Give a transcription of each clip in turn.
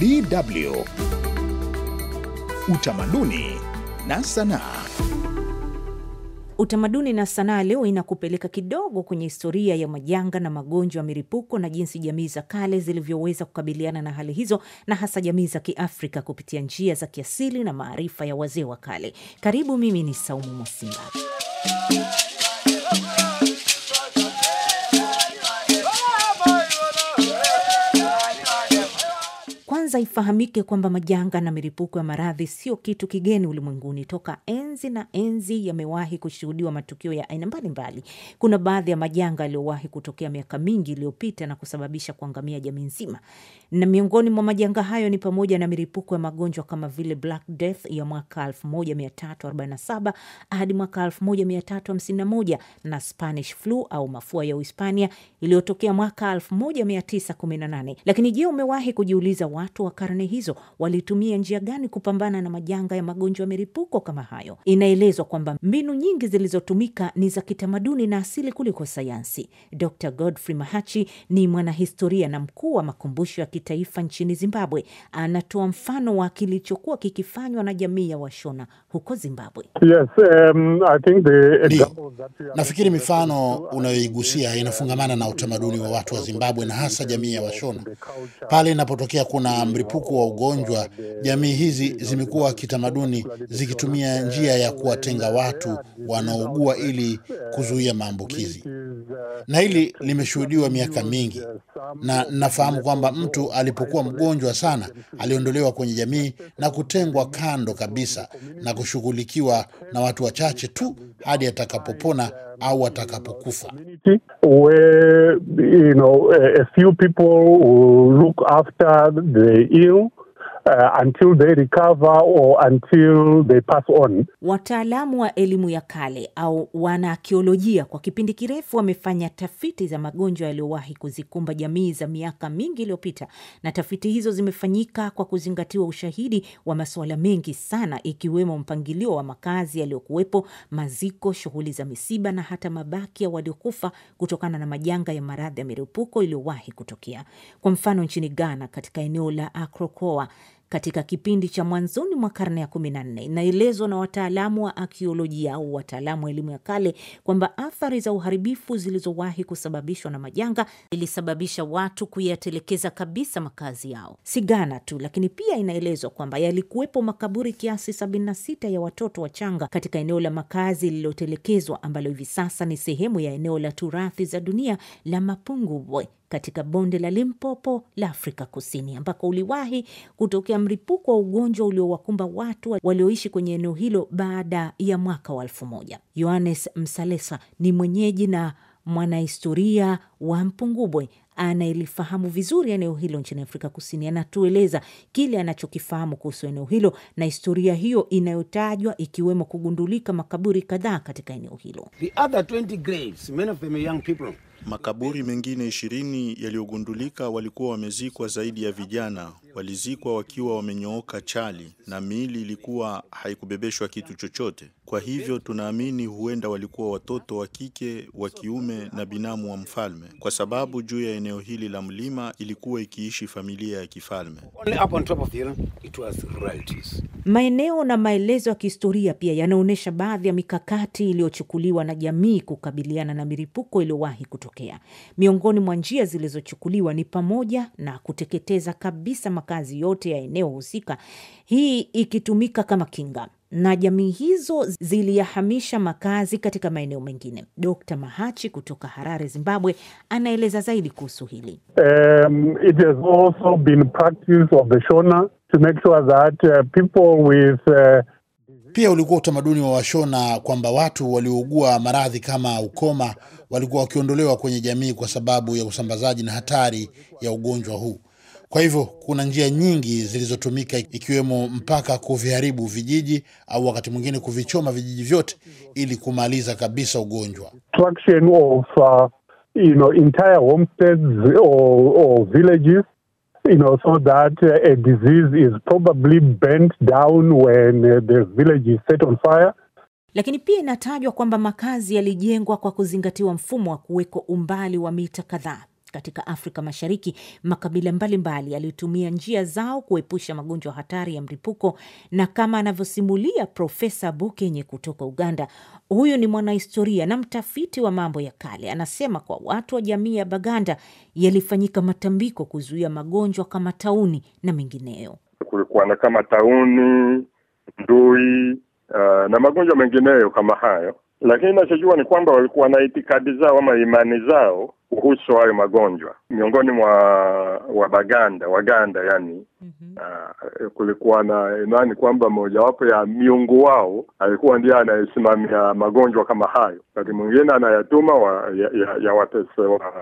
DW Utamaduni na Sanaa. Utamaduni na Sanaa leo inakupeleka kidogo kwenye historia ya majanga na magonjwa ya milipuko na jinsi jamii za kale zilivyoweza kukabiliana na hali hizo, na hasa jamii za Kiafrika kupitia njia za kiasili na maarifa ya wazee wa kale. Karibu, mimi ni Saumu Mwasimba. Kwanza ifahamike kwamba majanga na milipuko ya maradhi sio kitu kigeni ulimwenguni. Toka enzi na enzi yamewahi kushuhudiwa matukio ya aina mbalimbali. Kuna baadhi ya majanga yaliyowahi kutokea miaka mingi iliyopita na kusababisha kuangamia jamii nzima, na miongoni mwa majanga hayo ni pamoja na milipuko ya magonjwa kama vile Black Death ya mwaka 1347 hadi mwaka 1351 na Spanish flu au mafua ya Uhispania iliyotokea mwaka 1918. Lakini je, umewahi kujiuliza watu watu wa karne hizo walitumia njia gani kupambana na majanga ya magonjwa ya milipuko kama hayo. Inaelezwa kwamba mbinu nyingi zilizotumika ni za kitamaduni na asili kuliko sayansi. Dr Godfrey Mahachi ni mwanahistoria na mkuu wa makumbusho ya kitaifa nchini Zimbabwe. Anatoa mfano wa kilichokuwa kikifanywa na jamii ya Washona huko Zimbabwe. Yes, um, I think the... nafikiri mifano unayoigusia inafungamana na utamaduni wa watu wa Zimbabwe na hasa jamii ya Washona. Pale inapotokea kuna na mlipuko wa ugonjwa, jamii hizi zimekuwa kitamaduni zikitumia njia ya kuwatenga watu wanaougua ili kuzuia maambukizi, na hili limeshuhudiwa miaka mingi na nafahamu kwamba mtu alipokuwa mgonjwa sana aliondolewa kwenye jamii na kutengwa kando kabisa na kushughulikiwa na watu wachache tu hadi atakapopona au atakapokufa. You know, a few people look after the ill Uh, until they recover or until they pass on. Wataalamu wa elimu ya kale au wanaakiolojia kwa kipindi kirefu wamefanya tafiti za magonjwa yaliyowahi kuzikumba jamii za miaka mingi iliyopita, na tafiti hizo zimefanyika kwa kuzingatiwa ushahidi wa masuala mengi sana, ikiwemo mpangilio wa makazi yaliyokuwepo, maziko, shughuli za misiba na hata mabaki ya waliokufa kutokana na majanga ya maradhi ya milipuko iliyowahi kutokea. Kwa mfano, nchini Ghana katika eneo la Akrokoa katika kipindi cha mwanzoni mwa karne ya 14. Inaelezwa na wataalamu wa akiolojia au wataalamu wa elimu ya kale kwamba athari za uharibifu zilizowahi kusababishwa na majanga ilisababisha watu kuyatelekeza kabisa makazi yao. Si Ghana tu, lakini pia inaelezwa kwamba yalikuwepo makaburi kiasi 76 ya watoto wachanga katika eneo la makazi lililotelekezwa ambalo hivi sasa ni sehemu ya eneo la turathi za dunia la Mapungubwe katika bonde la Limpopo la Afrika Kusini, ambako uliwahi kutokea mripuko wa ugonjwa uliowakumba watu walioishi kwenye eneo hilo baada ya mwaka wa elfu moja. yohannes Msalesa ni mwenyeji na mwanahistoria wa Mpungubwe anayelifahamu vizuri eneo hilo nchini Afrika Kusini. Anatueleza kile anachokifahamu kuhusu eneo hilo na historia hiyo inayotajwa, ikiwemo kugundulika makaburi kadhaa katika eneo hilo. The other 20 graves, many of them young people Makaburi mengine ishirini yaliyogundulika walikuwa wamezikwa zaidi ya vijana, walizikwa wakiwa wamenyooka chali na miili ilikuwa haikubebeshwa kitu chochote. Kwa hivyo tunaamini huenda walikuwa watoto wa kike, wa kiume na binamu wa mfalme, kwa sababu juu ya eneo hili la mlima ilikuwa ikiishi familia ya kifalme. Maeneo na maelezo ya kihistoria pia yanaonyesha baadhi ya mikakati iliyochukuliwa na jamii kukabiliana na milipuko iliyowahi kutokea kutokea. Miongoni mwa njia zilizochukuliwa ni pamoja na kuteketeza kabisa makazi yote ya eneo husika, hii ikitumika kama kinga na jamii hizo ziliyahamisha makazi katika maeneo mengine. Dkt Mahachi kutoka Harare, Zimbabwe, anaeleza zaidi kuhusu hili. Um, it has also been practice of the Shona to make sure that uh, people with uh, pia ulikuwa utamaduni wa Washona kwamba watu waliougua maradhi kama ukoma walikuwa wakiondolewa kwenye jamii kwa sababu ya usambazaji na hatari ya ugonjwa huu. Kwa hivyo kuna njia nyingi zilizotumika ikiwemo mpaka kuviharibu vijiji au wakati mwingine kuvichoma vijiji vyote ili kumaliza kabisa ugonjwa. Of, uh, you know, entire homesteads or, or villages you know, so that uh, a disease is probably bent down when uh, the village is set on fire. Lakini pia inatajwa kwamba makazi yalijengwa kwa kuzingatiwa mfumo wa kuwekwa umbali wa mita kadhaa katika Afrika Mashariki, makabila mbalimbali yaliyotumia njia zao kuepusha magonjwa hatari ya mlipuko, na kama anavyosimulia Profesa Bukenye kutoka Uganda. Huyu ni mwanahistoria na mtafiti wa mambo ya kale, anasema kwa watu wa jamii ya Baganda yalifanyika matambiko kuzuia magonjwa kama tauni na mengineyo. Kulikuwa na kama tauni, ndui Uh, na magonjwa mengineyo kama hayo, lakini nachojua ni kwamba walikuwa na itikadi zao ama imani zao kuhusu hayo magonjwa miongoni mwa Wabaganda, Waganda yani mm -hmm. uh, kulikuwa na imani kwamba mojawapo ya miungu wao alikuwa ndiye anayesimamia magonjwa kama hayo. Wakati mwingine anayatuma wa, ya, ya, ya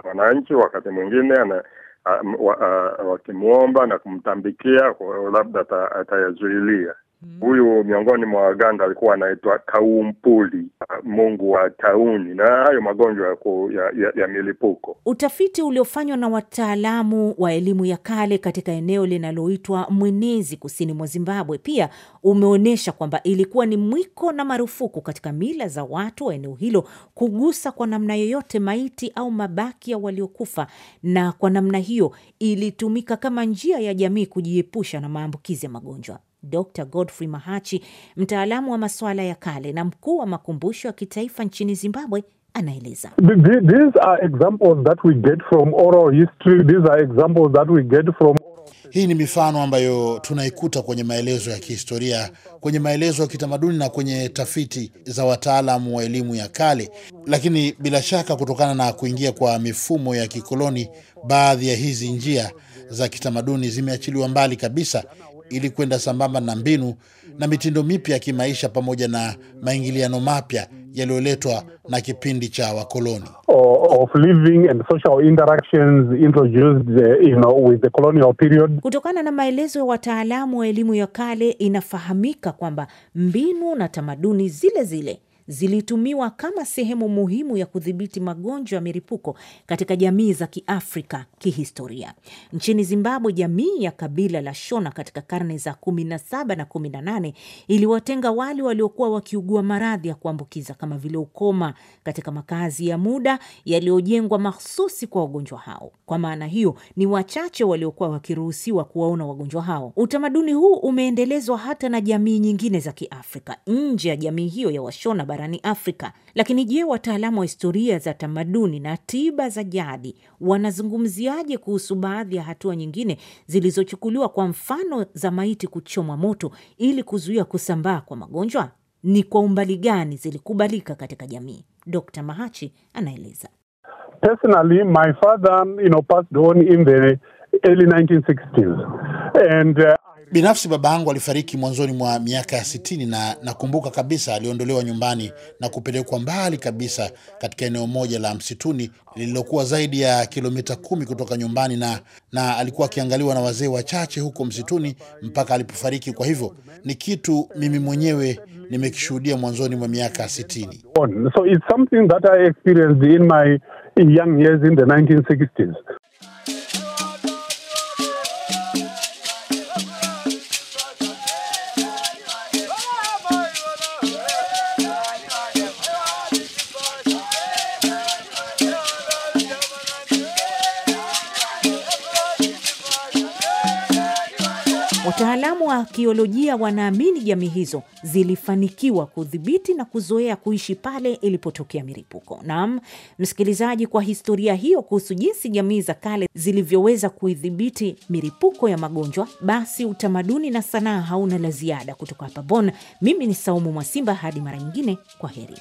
wananchi, wakati mwingine ana ah, ah, wakimwomba na kumtambikia labda atayazuilia. Mm-hmm. Huyu miongoni mwa Waganga alikuwa anaitwa Kaumpuli, mungu wa tauni na hayo magonjwa ya, ya, ya milipuko. Utafiti uliofanywa na wataalamu wa elimu ya kale katika eneo linaloitwa Mwenezi kusini mwa Zimbabwe pia umeonyesha kwamba ilikuwa ni mwiko na marufuku katika mila za watu wa eneo hilo kugusa kwa namna yoyote maiti au mabaki ya waliokufa, na kwa namna hiyo ilitumika kama njia ya jamii kujiepusha na maambukizi ya magonjwa. Dr Godfrey Mahachi, mtaalamu wa masuala ya kale na mkuu wa makumbusho ya kitaifa nchini Zimbabwe, anaeleza these are examples that we get from oral history these are examples that we get from hii ni mifano ambayo tunaikuta kwenye maelezo ya kihistoria, kwenye maelezo ya kitamaduni na kwenye tafiti za wataalamu wa elimu ya kale. Lakini bila shaka, kutokana na kuingia kwa mifumo ya kikoloni, baadhi ya hizi njia za kitamaduni zimeachiliwa mbali kabisa, ili kwenda sambamba na mbinu na mitindo mipya ya kimaisha pamoja na maingiliano mapya yaliyoletwa na kipindi cha wakoloni of living and social interactions introduced uh, you know, with the colonial period. Kutokana na maelezo ya wataalamu wa elimu ya kale, inafahamika kwamba mbinu na tamaduni zile zile zilitumiwa kama sehemu muhimu ya kudhibiti magonjwa ya miripuko katika jamii za Kiafrika kihistoria. Nchini Zimbabwe, jamii ya kabila la Shona katika karne za 17 na 18 iliwatenga wale waliokuwa wakiugua maradhi ya kuambukiza kama vile ukoma katika makazi ya muda yaliyojengwa mahsusi kwa wagonjwa hao. Kwa maana hiyo, ni wachache waliokuwa wakiruhusiwa kuwaona wagonjwa hao. Utamaduni huu umeendelezwa hata na jamii nyingine za Kiafrika nje ya jamii hiyo ya Washona barani Afrika. Lakini je, wataalamu wa historia za tamaduni na tiba za jadi wanazungumziaje kuhusu baadhi ya hatua nyingine zilizochukuliwa, kwa mfano za maiti kuchomwa moto ili kuzuia kusambaa kwa magonjwa? Ni kwa umbali gani zilikubalika katika jamii? d Mahachi anaeleza. Personally, my father, you know, passed on in the early 1960s. And, uh... Binafsi baba yangu alifariki mwanzoni mwa miaka ya sitini, na nakumbuka kabisa aliondolewa nyumbani na kupelekwa mbali kabisa katika eneo moja la msituni lililokuwa zaidi ya kilomita kumi kutoka nyumbani, na, na alikuwa akiangaliwa na wazee wachache huko msituni mpaka alipofariki. Kwa hivyo ni kitu mimi mwenyewe nimekishuhudia mwanzoni mwa miaka ya sitini. So it's something that I experienced in my young years in the 1960s. Wataalamu wa akiolojia wanaamini jamii hizo zilifanikiwa kudhibiti na kuzoea kuishi pale ilipotokea milipuko. Naam msikilizaji, kwa historia hiyo kuhusu jinsi jamii za kale zilivyoweza kuidhibiti milipuko ya magonjwa, basi utamaduni na sanaa hauna la ziada. Kutoka hapa bon mimi ni Saumu Mwasimba, hadi mara nyingine, kwa heri.